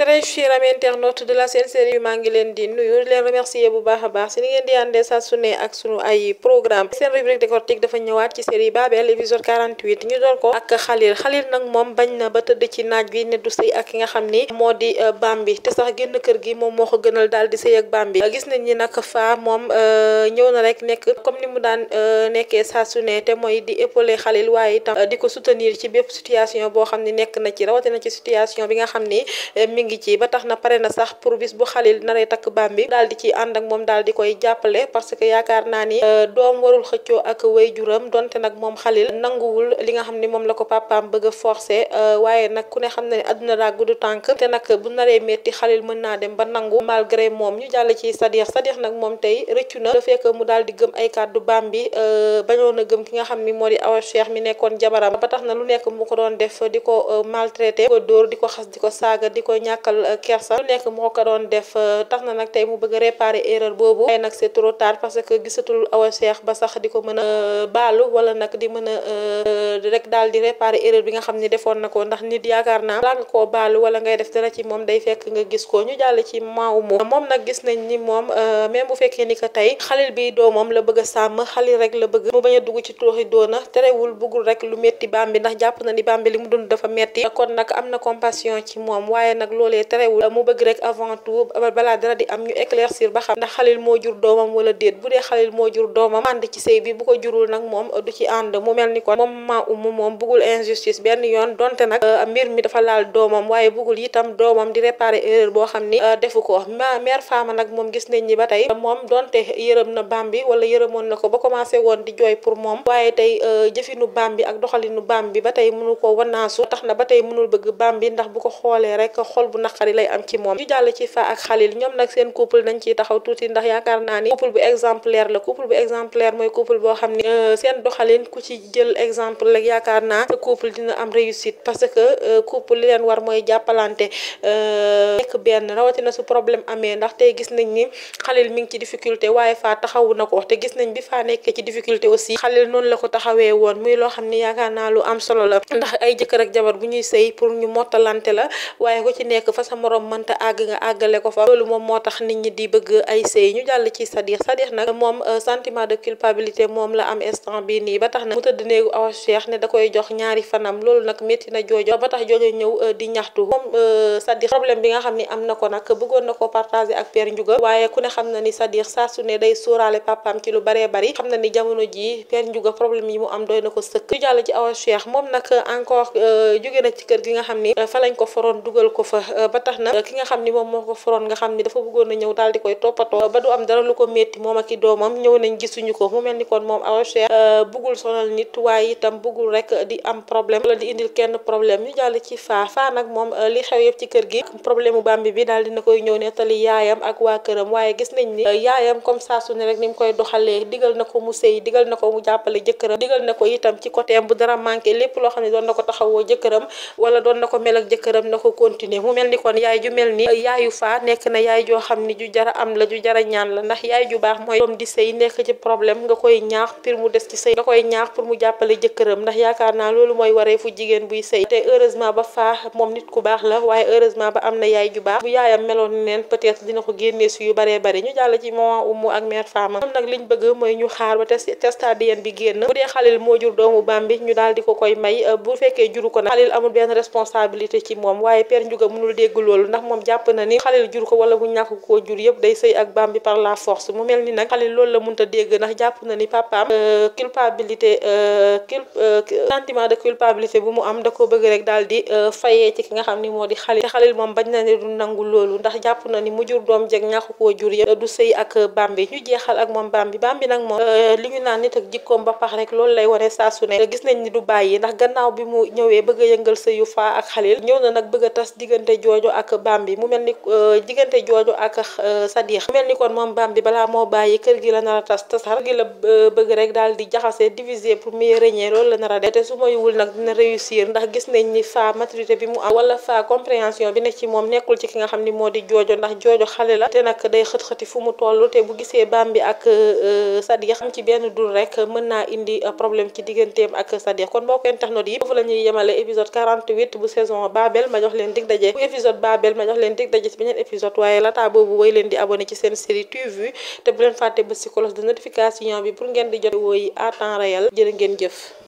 très chers amis internautes de la Sen Série maa ngi leen di nuyu leen remercier bu baax a baax si ni ngeen di àndee saa su ne ak sunu ay programme seen rubrique décortique dafa ñëwaat ci série Babel épisode 48 ñu door ko ak Xalil Xalil nag moom bañ na ba tëdd ci naaj bi ne du sëy ak ki nga xam ni moo di euh, Bambi te sax génn kër gi moom moo ko gënal daal di sëy ak baam Bambi gis nañ ni nag faa moom euh, ñëw na rek nekk comme ni mu daan euh, nekkee saa su ne te mooy di épauler Xalil waaye itam di ko soutenir ci bépp situation boo xam ne nekk na ci rawatina ci situation bi nga xam ni ngi ci ba tax na pare na sax pour bis bu xalil naree takk baam bi daal di ci ànd ak moom daal di koy jàppale parce que yaakaar naa ni euh, doom warul xëccoo ak wayjuram donte nag moom xalil nanguwul li nga xam ni moom la ko papaam bëgg a forcé euh, waaye nag ku ne xam ne àdduna daa gudd tànk te nag bu naree metti xalil mën naa dem ba nangu malgré moom ñu jàll ci Sadikh Sadikh nag moom tey rëccu na le fait que mu daal di gëm ay kàddu baam bi euh, bañoon a gëm ki nga xam ni moo di Awa Cheikh mi nekkoon jabaram ba tax na lu nekk mu ko doon def di ko maltraité ñàkkal euh, kersa lu nekk moo ko doon def euh, tax na nag tey mu bëgg a réparer erreur boobu tey nag c'est trop parce que gisatul awa ba sax di ko mën a euh, baalu wala nag di mën rek daal di réparer erreur bi nga xam ni defoon na ko ndax nit yaakaar naa laa nga koo baalu wala ngay def dara ci moom ni moom même bu fekkee ni que tey xalil bi a a na am na compassion ci moom waaye nag loolee terewul mu bëgg rek avant tout balaa dara di am ñu éclaircir ba xam ndax xalil moo jur doomam wala déet bu dee xalil moo jur doomam moom du ci ànd mu mel ni kon moom maa umu moom bëggul injustice benn yoon donte nag euh, mbir mi dafa laal doomam waaye bëggul itam doomam di réparer erreur boo xam ni euh, defu ko ma mère Fama nag moom gis nañ ni ba tey moom donte yërëm na Bambi wala yërëmoon na ko ba commencé woon di jooy pour moom waaye tey euh, jëfinu Bambi ak doxalinu Bambi ba tey mënu ko wanaasu tax na ba tey mënul bëgg Bambi ndax bu ko xoolee rek xol bu naqari lay am ci moom ñu jàll ci fa ak xalil ñoom nag seen couple nañ ciy taxaw tuuti ndax yaakaar naa ni couple bu exemplaire la couple bu exemplaire mooy couple boo xam ne euh, seen doxalin ku ci jël exemple rek yaakaar naa sa couple dina am réussite parce que euh, couple leen war mooy jàppalante euh, nekk benn rawatina su problème amee ndax tey gis nañ ni xalil mi ngi ci difficulté waaye faa taxawu na ko te gis nañ bi faa nekkee ci difficulté aussi la ko taxawee woon muy loo xam ne yaakaar naa lu am solo la ndax ay jëkkër ak jabar bu ñuy sëy pour ñu mottalante la waaye ku ci nekk fa sa moroom mënta àgg nga àggale ko fa loolu moom moo tax nit ñi di bëgg ay sëy ñu jàll ci Sadikh Sadikh nag moom euh, sentiment de culpabilité moom la am instant bii nii ba tax na mu tëdd néegu Awa seex ne da koy jox ñaari fanam loolu nag métti na joojo ba tax joojo ñëw euh, di ñaxtu moom euh, Sadikh ni am na ko nag bëggoon na ko partagé ak Père Ndiouga waaye ku ne xam na ni sa à dire saa su ne day sóoraale papaam ci lu baree bari xam na ni jamono jii Père Ndiouga problème yi am doy na ko sëkk ñu jàll ci Awa Cheikh euh, na ci kër gi nga xam ni euh, fa lañ ko foroon dugal ko fa euh, ba tax na ki nga xam ni moom moo ko foroon nga xam ni dafa bëggoon na ñëw daal di koy toppatoo ba du am dara lu ko métti moom ak i doomam ñëw nañ gisuñu ko mu mel ni kon moom Awa Cheikh bëggul sonal nit waaye itam bëggul rek di am problème la di indil kenn problème ñu jàll ci faa faa nag li ci kër gi Bambi bi daal dina koy ñëw nettali yaayam ak waa këram waaye gis nañ ni euh, yaayam comme saa su ne rek ni mu koy doxalee digal na ko mu sëy digal na ko mu jàppale jëkkëram digal na ko itam ci côté bu dara manqué lépp loo xam ne doon na ko taxawoo jëkkëram wala doon na ko mel ak jëkkëram na ko continuer mu mel ni kon yaay ju euh, na yaay joo xam ni ju am la ju jara ñaan la ndax yaay ju baax mooy doom di sëy nekk ci problème nga koy ñaax pour mu des ci sëy nga koy ñaax pour mu jàppale jëkkëram ndax yaakaar naa loolu mooy waree fu jigéen buy sëy te heureusement ba faa moom nit ku baax la waaye heureusement ba am na yaay ju baax bu yaayam meloon neen peut-être dina ko génnee si yu baree bari ñu jàll ci maman Oumou ak mère Fama ñoom nag liñ bëgg mooy ñu xaar ba test test ADN bi génn bu dee Xalil moo jur doomu Bambi ñu daal ko koy may euh, bu fekkee juru ko nag Xalil amul benn responsabilité ci moom waaye Père Ndiouga mënul dégg loolu ndax moom jàpp na ni Xalil jur ko wala bu ñàkk koo jur yëpp day sëy ak Bambi par la force mu mel ni nag Xalil loolu la mënta dégg ndax jàpp na ni papaam euh, euh, da ko bëgg rek du nangu loolu ndax jàpp na ni mu jur doom jeg ñàkk koo jur yëpp du sëy ak Bambi ñu jeexal ak moom Bambi Bambi euh, ba pax rek loolu lay wane saa su ne gis nañ ni du bàyyi ndax gannaaw bi mu a yëngal sëyu a tas diggante jooju ak Bambi mu mel ni euh, diggante jooju ak euh, Sadix moo bàyyi kër gi la nar a tas tasar gi la bëgg rek daal di jaxase diviser pour mieux loolu la nar a def te su ma yiwul nag dina réussir ndax gis nañ ni faa maturité bi mu am wala faa compréhension bi ne ci moom nekkul ci ki nga xam ni moo di joojo ndax joojo xale la te nag day xët-xëti fu mu toll te bu gisee baam bi ak euh, euh, Sadikh xam ci benn dul rek mën naa indi euh, problème ci digganteem ak Sadikh kon mbokk internautes yi foofu la ñuy yemale épisode 48 bu saison Baabel ma jox leen dig daje bu épisode Baabel ma jox leen dig daje ci beneen épisode waaye lataa boobu way leen di abonné ci seen série TV te bu leen fàtte ba si cloche de notification bi pour ngeen di jot wooyi à temps réel jërë ngeen jëf